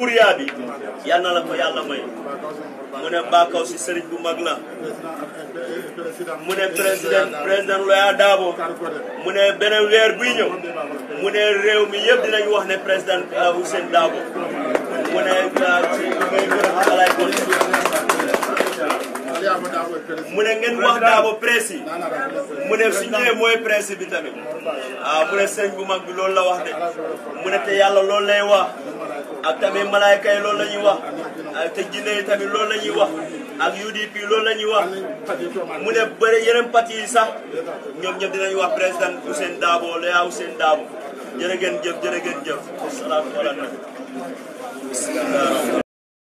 kuriyaa bi yal na la ko yàlla may mu ne Bakaw si sëriñ bu mag la mu ne président président Loya Dabo mu ne beneen weer buy ñëw mu ne réew mi yëpp dinañ wax ne président euh, Hussein Dabo mu ne ci may gën a xalaay mu ne ngeen wax Dabo presse yi mu ne su ñëwee mooy bi tamit ah mu ne bu mag bi la wax de mu ne te yàlla loolu wax ak tamit malaayka yi loolu la ñuy wax ak te jinne yi tamit loolu la ñuy wax ak UDP loolu la ñuy wax mu ne bëri yeneen parti yi sax ñoom ñëpp dinañu wax président Ousainou Darboe Loya Ousainou Darboe jërë ngeen jëf jërë ngeen jëf salaam wala